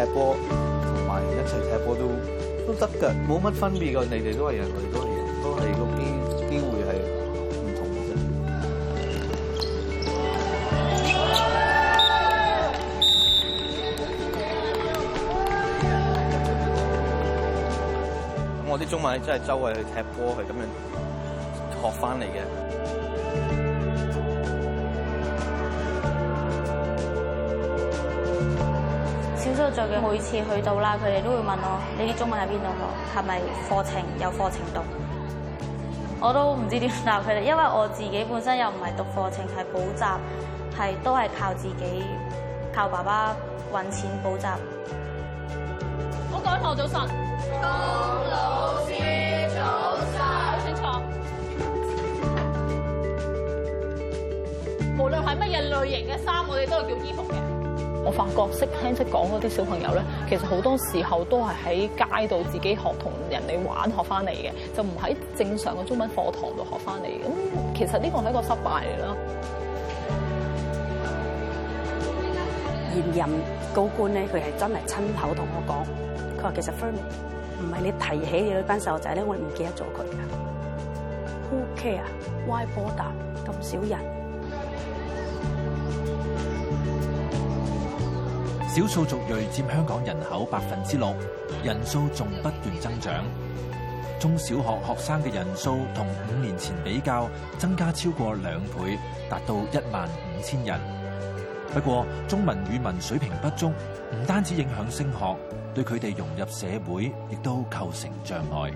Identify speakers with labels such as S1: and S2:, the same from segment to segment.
S1: 踢波同埋一齊踢波都都得㗎，冇乜分別㗎。你哋都係人，我哋都係人，都係個機會係唔同嘅啫。我啲中文真係周圍去踢波係咁樣學翻嚟嘅。
S2: 最近每次去到啦，佢哋都會問我：你啲中文喺邊度學？係咪課程有課程讀？我都唔知點答佢哋，因為我自己本身又唔係讀課程，係補習，係都係靠自己，靠爸爸揾錢補習。好，講課早晨。張老師早晨。好清楚。無論係乜嘢類
S3: 型嘅衫，我哋都係叫衣服嘅。我發覺識聽識講嗰啲小朋友咧，其實好多時候都係喺街度自己學同人哋玩學翻嚟嘅，就唔喺正常嘅中文課堂度學翻嚟。咁其實呢個係一個失敗嚟咯。
S4: 現任高官咧，佢係真係親口同我講，佢話其實 Fermi 唔係你提起你班細路仔咧，我唔記得咗佢。Who care? Why bother？咁少人。
S5: 少數族裔佔香港人口百分之六，人數仲不斷增長。中小學學生嘅人數同五年前比較，增加超過兩倍，達到一萬五千人。不過中文語文水平不足，唔單止影響升學，對佢哋融入社會亦都構成障礙。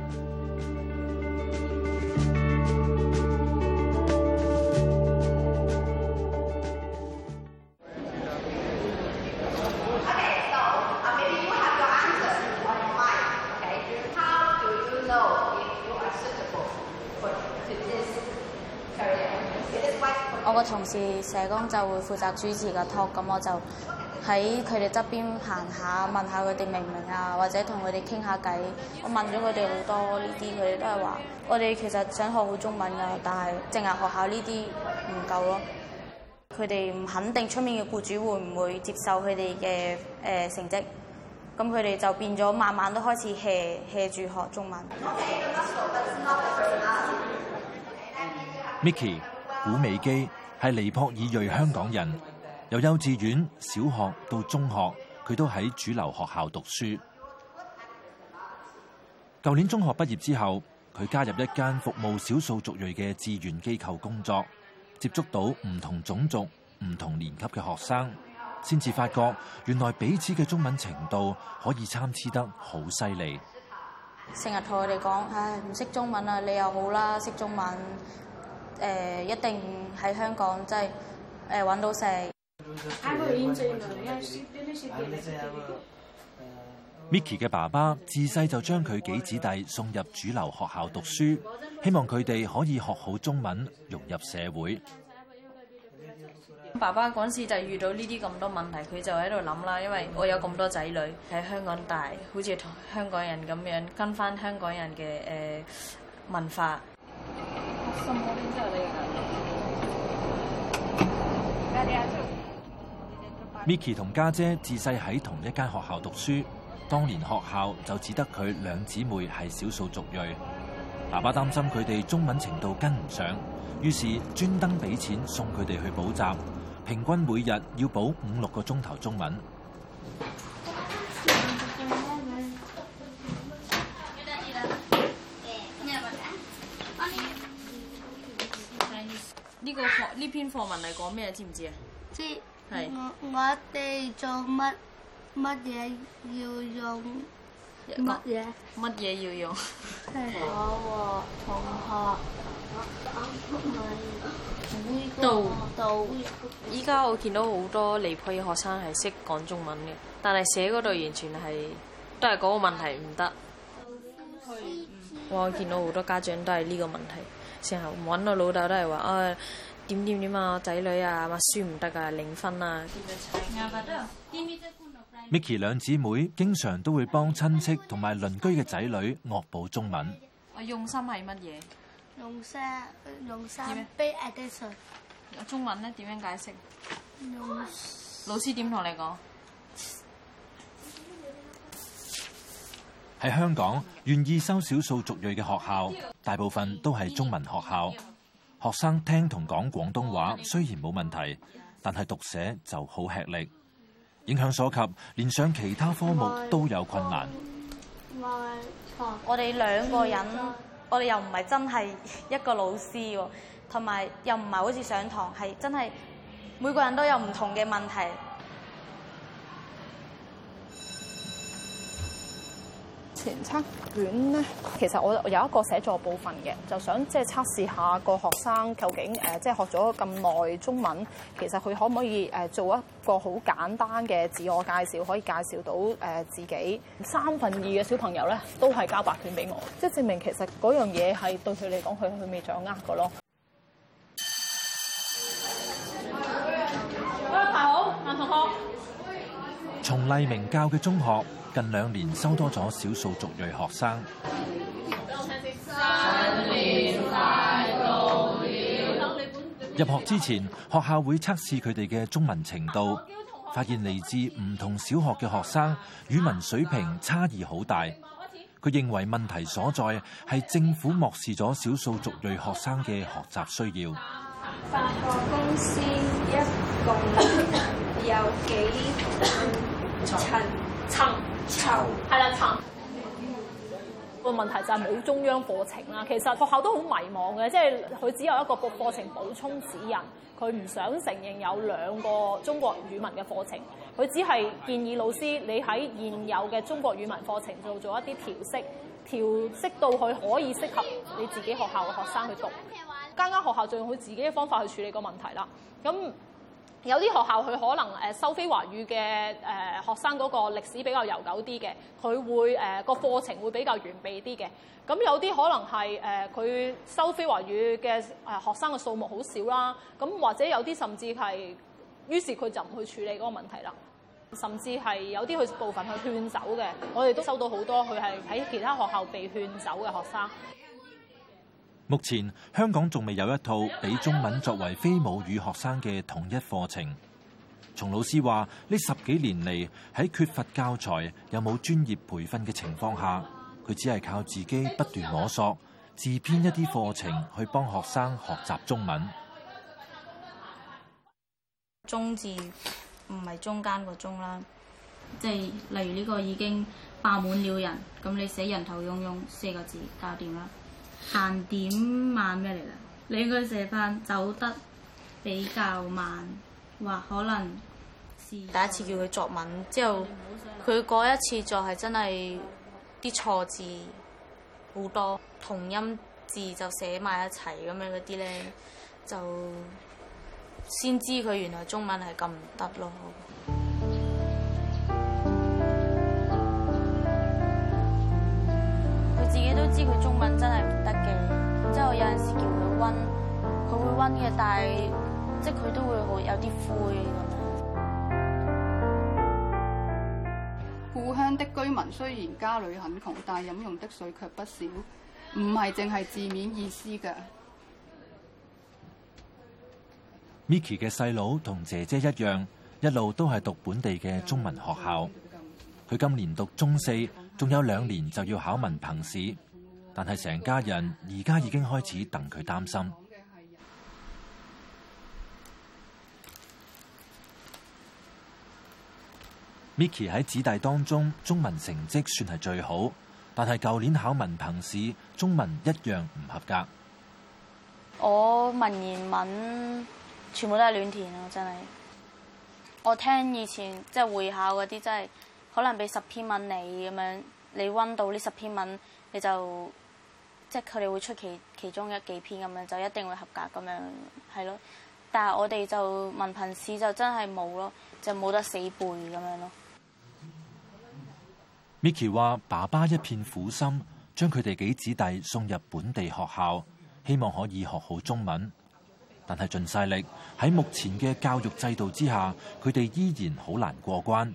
S2: 社工就會負責主持個 talk，咁我就喺佢哋側邊行下，問下佢哋明唔明啊，或者同佢哋傾下偈。我問咗佢哋好多呢啲，佢哋都係話：我哋其實想學好中文㗎，但係淨係學校呢啲唔夠咯。佢哋唔肯定出面嘅雇主會唔會接受佢哋嘅誒成績，咁佢哋就變咗，慢慢都開始 hea 住學，學中文。
S5: Micky，古美基。係尼泊爾裔香港人，由幼稚園、小學到中學，佢都喺主流學校讀書。舊年中學畢業之後，佢加入一間服務少數族裔嘅志願機構工作，接觸到唔同種族、唔同年級嘅學生，先至發覺原來彼此嘅中文程度可以參差得好犀利。
S2: 成日同佢哋講，唉，唔識中文呀，你又好啦，識中文。誒、呃、一定喺香港，即係誒，揾到食。
S5: Mickey 嘅爸爸自細就將佢幾子弟送入主流學校讀書，希望佢哋可以學好中文，融入社會。
S6: 爸爸嗰陣時就遇到呢啲咁多問題，佢就喺度諗啦，因為我有咁多仔女喺香港大，好似香港人咁樣跟返香港人嘅誒、呃、文化。
S5: Mickey 同家姐自細喺同一間學校讀書，當年學校就只得佢兩姊妹係少數族裔。爸爸擔心佢哋中文程度跟唔上，於是專登俾錢送佢哋去補習，平均每日要補五、六個鐘頭中文。
S6: 呢呢篇課文係講咩？知唔知啊？
S2: 知。係。我哋做乜乜嘢要用乜嘢？乜嘢要用？
S6: 同學同學，唔
S2: 係。讀讀。
S6: 依家我見到好多離譜嘅學生係識講中文嘅，但係寫嗰度完全係都係嗰個問題唔得。我見到好多家長都係呢個問題。之後揾我老豆都係話啊，點點點啊，仔女啊，乜書唔得㗎，零分啊
S5: ！Micky 兩姊妹經常都會幫親戚同埋鄰居嘅仔女惡補中文。
S6: 我用心係乜嘢？用心。用心。背 addition。中文咧點樣解釋？老師點同你講？
S5: 喺香港，願意收少數族裔嘅學校，大部分都係中文學校。學生聽同講廣東話雖然冇問題，但係讀寫就好吃力，影響所及，連上其他科目都有困難。
S2: 我哋兩個人，我哋又唔係真係一個老師喎，同埋又唔係好似上堂，係真係每個人都有唔同嘅問題。
S3: 前測卷咧，其實我有一個寫作部分嘅，就想即係測試下個學生究竟誒，即係學咗咁耐中文，其實佢可唔可以誒做一個好簡單嘅自我介紹，可以介紹到誒自己。三分二嘅小朋友咧，都係交白卷俾我，即係證明其實嗰樣嘢係對佢嚟講，佢佢未掌握嘅咯。快啲排好，男同學。
S5: 崇麗好明教嘅中學，近兩年收多咗少數族裔學生。
S1: 入
S5: 學之前，學校會測試佢哋嘅中文程度，發現嚟自唔同小學嘅學生語文水平差異好大。佢認為問題所在係政府漠視咗少數族裔學生嘅學習需要。
S3: 係啦，同個醜問題就係冇中央課程啦。其實學校都好迷茫嘅，即係佢只有一個課課程補充指引，佢唔想承認有兩個中國語文嘅課程，佢只係建議老師你喺現有嘅中國語文課程做做一啲調適，調適到佢可以適合你自己學校嘅學生去讀。間間，啊、學校就用佢自己嘅方法去處理個問題啦。咁。有啲學校佢可能誒收非華語嘅誒學生嗰個歷史比較悠久啲嘅，佢會誒個課程會比較完備啲嘅。咁有啲可能係誒佢收非華語嘅誒學生嘅數目好少啦。咁或者有啲甚至係，於是佢就唔去處理嗰個問題啦。甚至係有啲佢部分去勸走嘅，我哋都收到好多佢係喺其他學校被勸走嘅學生。
S5: 目前香港仲未有一套俾中文作為非母語學生嘅統一課程。聰老師話：呢十幾年嚟喺缺乏教材有冇專業培訓嘅情況下，佢只係靠自己不斷摸索，自編一啲課程去幫學生學習中文。
S2: 中字唔係中間個中啦，即係例如呢個已經爆滿了人，咁你寫人頭湧湧四個字搞，搞掂啦。行點慢咩嚟啦？你佢寫返走得比較慢，或可能是第一次叫佢作文之後，佢嗰一次就係真係啲錯字好多，同音字就寫埋一齊咁樣嗰啲咧，就先知佢原來中文係咁唔得咯。知佢中文真係唔得嘅，即係我有陣時叫佢溫，佢會溫嘅，但係即係佢都會好有啲灰咁樣。故鄉的居民雖然家裏很窮，但係飲用的水卻不少，唔係淨係
S1: 字面意思噶。
S5: Mickey 嘅細佬同姐姐一樣，一路都係讀本地嘅中文學校，佢今年讀中四，仲有兩年就要考文憑試。但係成家人而家已經開始戥佢擔心。Micky 喺子弟當中中文成績算係最好，但係舊年考文憑試中文一樣唔合格。
S2: 我文言文全部都係亂填啊！真係，我聽以前即係會考嗰啲，真係可能俾十篇文你咁樣，你溫到呢十篇文，你就。即係佢哋會出其其中一幾篇咁樣就一定會合格咁樣，係咯。但係我哋就文憑試就真係冇咯，就冇得死背咁樣咯。
S5: Micky 話爸爸一片苦心，將佢哋幾子弟送入本地學校，希望可以學好中文。但係盡晒力喺目前嘅教育制度之下，佢哋依然好難過關。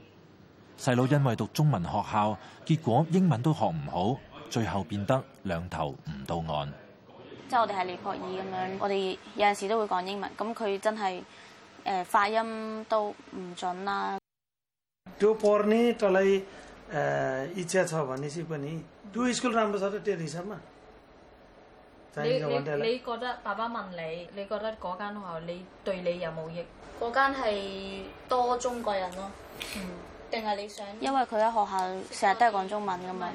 S5: 細佬因為讀中文學校，結果英文都學唔好。最後變得兩頭唔到岸。
S2: 即係我哋係尼泊爾咁樣，我哋有陣時都會講英文。咁佢真係誒、呃、發音都唔準啦。
S1: 做 pony 睇嚟誒，以前嘅台灣呢啲 pony，讀英文係唔係差到幾離譜啊？你你你覺
S6: 得爸爸問你，你覺得嗰間學校你對你有冇益？嗰間係多中國人咯，定係你想？
S2: 因為佢喺學校成日都係講中文㗎嘛。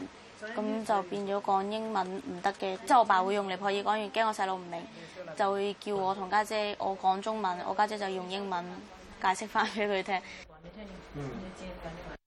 S2: 咁就變咗講英文唔得嘅，即係我爸會用尼泊爾講完，驚我細路唔明，就會叫我同家姐，姐，我講中文，我家姐，姐就用英文解釋翻俾佢聽。嗯。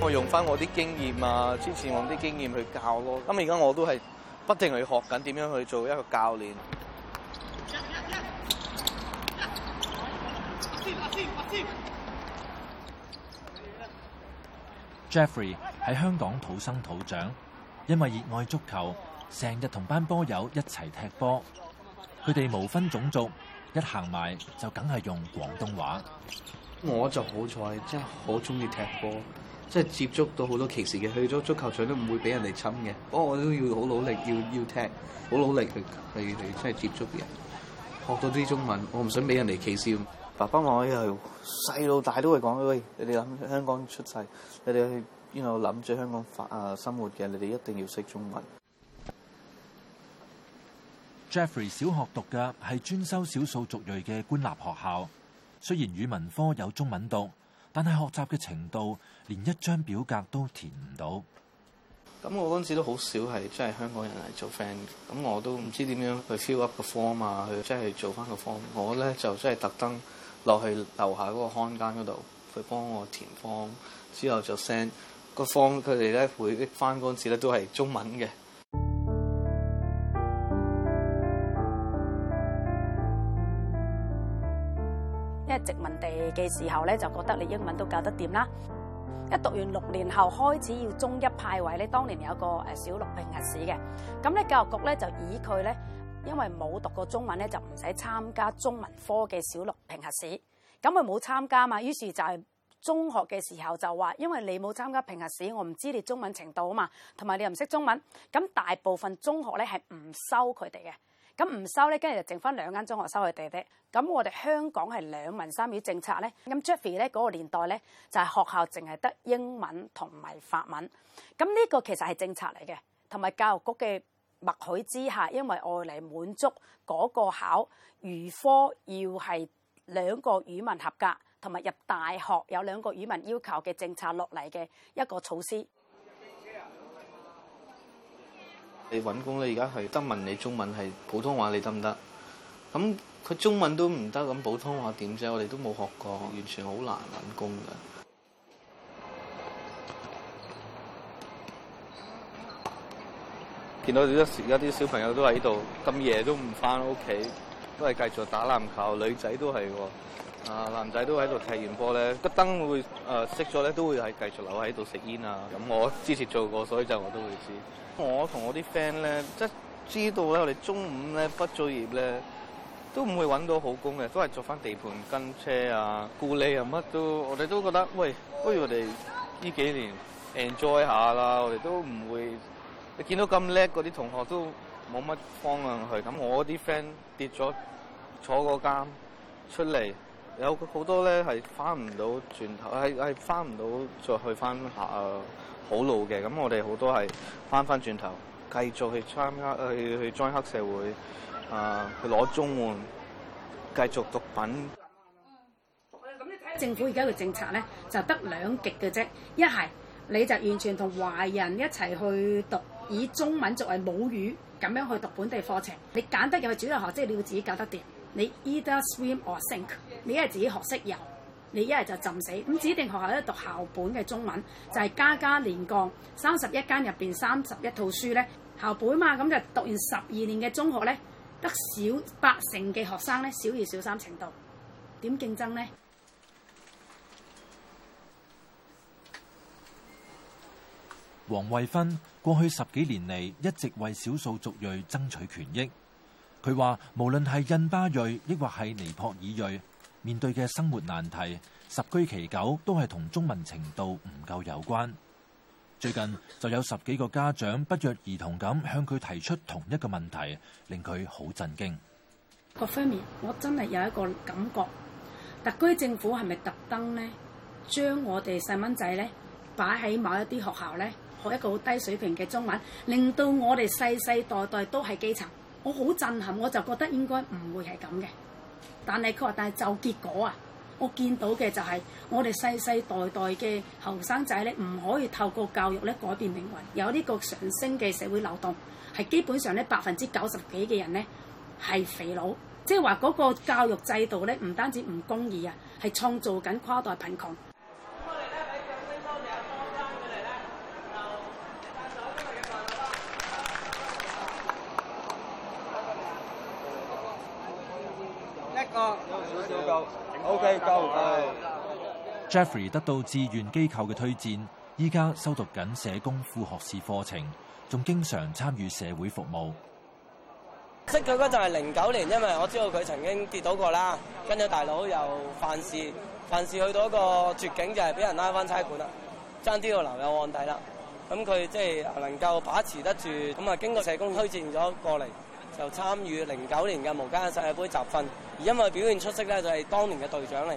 S1: 我用翻我啲經驗啊，之前我啲經驗去教咯。咁而家我都係不停去要學緊點樣去做一個教練。
S5: Jeffrey 喺香港土生土長，因為熱愛足球，成日同班波友一齊踢波，佢哋無分種族。一行埋就梗係用
S1: 廣東話。我就好彩，真係好中意踢波，即係接觸到好多歧視嘅，去咗足球場都唔會俾人哋侵嘅。不過我都要好努力，要要踢，好努力去去去，即係接觸人，學到啲中文。我唔想俾人哋歧視。爸爸我媽又細到大都會講：喂，hey，你哋喺香港出世，你哋邊度諗住香港發啊生活嘅，你哋一定要識中文。
S5: Jeffrey 小學讀嘅係專修少數族裔嘅官立學校，雖然語文科有中文讀，但係學習嘅程度連一張表格都填唔到。
S1: 咁我嗰陣時都好少係即係香港人嚟做 friend，咁我都唔知點樣去 fill up 個 form 啊，即去即係做翻個 form 我。我咧就即係特登落去樓下嗰個看間嗰度去幫我填 form，之後就 send 個 form。佢哋咧回翻嗰陣時咧都係中文嘅。
S4: 嘅時候咧，就覺得你英文都搞得掂啦。一讀完六年後，開始要中一派位咧。當年有個誒小六評核試嘅，咁咧教育局咧就以佢咧，因為冇讀過中文咧，就唔使參加中文科嘅小六評核試。咁佢冇參加嘛，於是就係中學嘅時候就話，因為你冇參加評核試，我唔知你中文程度啊嘛，同埋你又唔識中文，咁大部分中學咧係唔收佢哋嘅。咁唔收咧，跟住就剩翻兩間中學收佢哋啫。咁我哋香港係兩文三語政策咧。咁 Jaffy 咧嗰個年代咧，就係、是、學校淨係得英文同埋法文。咁呢個其實係政策嚟嘅，同埋教育局嘅默許之下，因為外嚟滿足嗰個考預科要係兩個語文合格，同埋入大學有兩個語文要求嘅政策落嚟嘅一個措施。
S1: 你揾工咧，而家係得問你中文係普通話，你得唔得？咁佢中文都唔得，咁普通話點啫？我哋都冇學過，完全好難揾工㗎。見到有啲小朋友都喺度，咁夜都唔返屋企，都係繼續打籃球，女仔都係喎、哦。啊！男仔都喺度踢完波咧，個燈會誒熄咗咧，都會係繼續留喺度食煙啊。咁我之前做過，所以我就我都會知。我同我啲 friend 咧，即係知道咧，我哋中五咧畢咗業咧，都唔會揾到好工嘅，都係做返地盤跟車啊、咕喱啊乜都。我哋都覺得喂，不如我哋呢幾年 enjoy 下啦。我哋都唔會。你見到咁叻嗰啲同學都冇乜方向去。咁我啲 friend 跌咗坐過監出嚟。有好多咧係翻唔到轉頭，係係翻唔到再去翻下好路嘅。咁、啊、我哋好多係翻翻轉頭，繼續去參加去去 join 黑社會啊，去攞綜援，繼續毒品。
S4: 政府而家嘅政策咧，就得兩極嘅啫。一係你就完全同華人一齊去讀，以中文作為母語，咁樣去讀本地課程。你簡單嘅主流學校，即、就、係、是、你要自己搞得掂。你 either swim or sink。你一係自己學識游，你一係就浸死。咁指定學校咧讀校本嘅中文，就係加加練降。三十一間入邊，三十一套書咧，校本嘛，咁就讀完十二年嘅中學咧，得少八成嘅學生咧小二小三程度。點競爭呢？
S5: 王惠芬過去十幾年嚟一直為少數族裔爭取權益。佢話無論係印巴裔，抑或係尼泊爾裔。面對嘅生活難題，十居其九都係同中文程度唔夠有關。最近就有十幾個家長不約而同咁向佢提出同一個問題，令佢好震驚。
S4: 各方面我真係有一個感覺，特區政府係咪特登呢，將我哋細蚊仔呢擺喺某一啲學校呢，學一個好低水平嘅中文，令到我哋世世代代都係基層？我好震撼，我就覺得應該唔會係咁嘅。但係佢話，但係就結果啊！我見到嘅就係我哋世世代代嘅後生仔咧，唔可以透過教育咧改變命運。有呢個上升嘅社會流動，係基本上咧百分之九十幾嘅人咧係肥佬，即係話嗰個教育制度咧唔單止唔公義啊，係創造緊跨代貧窮。
S5: Jeffrey 得到志願機構嘅推薦，依家修讀緊社工副學士課程，仲經常參與社會服務。
S3: 識佢嗰陣係零九年，因為我知道佢曾經跌倒過啦，跟咗大佬又犯事，犯事去到一個絕境就，就係俾人拉翻差館啦，爭啲要留入案底啦。咁佢即係能夠把持得住，咁啊經過社工推薦咗過嚟，就參與零九年嘅無間世界杯集訓，而因為表現出色咧，就係當年嘅隊
S4: 長嚟。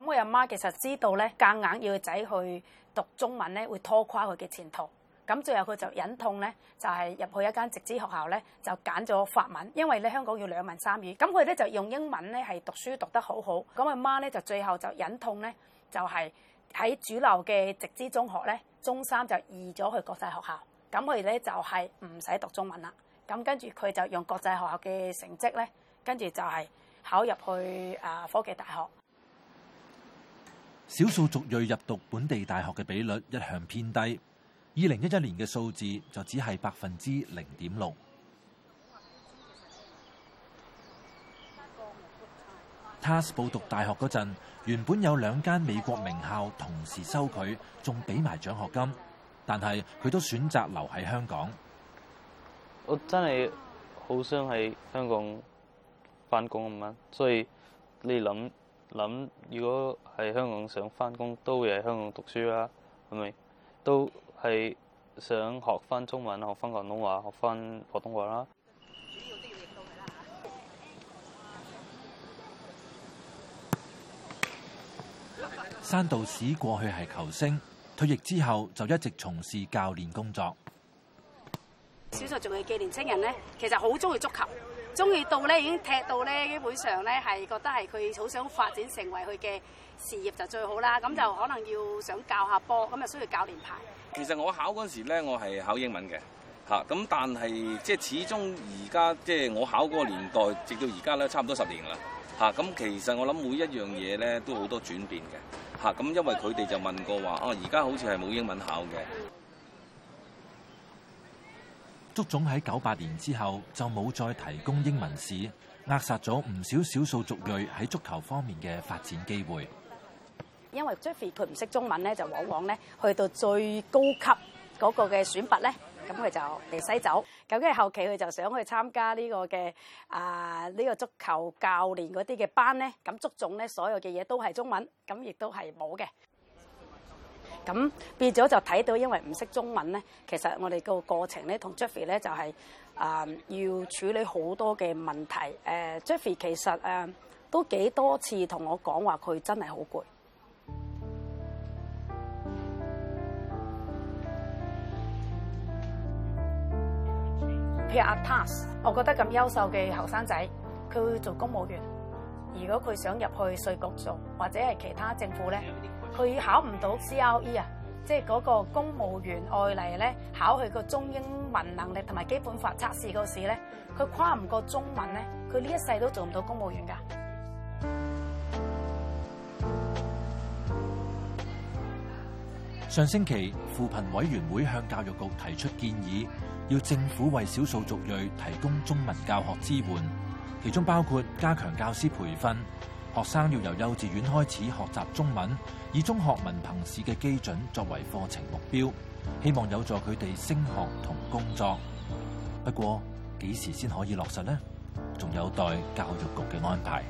S4: 咁我阿媽其實知道咧，夾硬要仔去讀中文咧，會拖垮佢嘅前途。咁最後佢就忍痛咧，就係入去一間直資學校咧，就揀咗法文，因為咧香港要兩文三語。咁佢咧就用英文咧係讀書讀得好好。咁阿媽咧就最後就忍痛咧，就係喺主流嘅直資中學咧，中三就移咗去國際學校。咁佢咧就係唔使讀中文啦。咁跟住佢就用國際學校嘅成績咧，跟住就係考入去科技大學。
S5: 少數族裔入讀本地大學嘅比率一向偏低，二零一一年嘅數字就只係百分之零點六。Tas 報讀大學嗰陣，原本有兩間美國名校同時收佢，仲俾埋獎學金，但係佢都選擇留喺香港。
S1: 我真係好想喺香港翻工咁啊！所以你諗？諗如果喺香港想翻工，都會喺香港讀書啦，係咪？都係想學翻中文、學翻廣東話、學翻普通話啦。
S5: 山道士過去係球星，退役之後就一直從事教練工作。
S4: 少數仲係幾年青人呢？其實好中意足球。中意到咧，已經踢到咧，基本上咧係覺得係佢好想發展成為佢嘅事業就最好啦。咁就可能要想教下波，咁就需要教練牌。
S5: 其實我考嗰陣時咧，我係考英文嘅，嚇咁但係即係始終而家即係我考嗰個年代，直到而家咧差唔多十年啦，嚇咁其實我諗每一樣嘢咧都好多轉變嘅，嚇咁因為佢哋就問過話啊，而家好似係冇英文考嘅。足總喺九八年之後就冇再提供英文試，扼殺咗唔少少數族裔喺足球方面嘅發展機會。
S4: 因為 Javier 佢唔識中文咧，就往往咧去到最高級嗰個嘅選拔咧，咁佢就被篩走。咁跟住後期佢就想去參加呢個嘅啊呢個足球教練嗰啲嘅班咧，咁足總咧所有嘅嘢都係中文，咁亦都係冇嘅。咁變咗就睇到，因為唔識中文咧，其實我哋個過程咧，同 Jeffrey 咧就係啊，呃，要處理好多嘅問題。誒，呃，Jeffrey 其實誒，啊，都幾多次同我講話，佢真係好攰。譬如阿 Taz。我覺得咁優秀嘅後生仔，佢做公務員，如果佢想入去稅局做，或者係其他政府咧。佢考唔到 CRE 啊，即係嗰個公務員外嚟咧，考佢個中英文能力同埋基本法測試嗰時咧，佢跨唔過中文咧，佢呢一世都做唔到公務員噶。
S5: 上星期，扶貧委員會向教育局提出建議，要政府為少數族裔提供中文教學支援，其中包括加強教師培訓。學生要由幼稚園開始學習中文，以中學文憑試嘅基準作為課程目標，希望有助佢哋升學同工作。不過，幾時先可以落實呢？仲有待教育局嘅安排。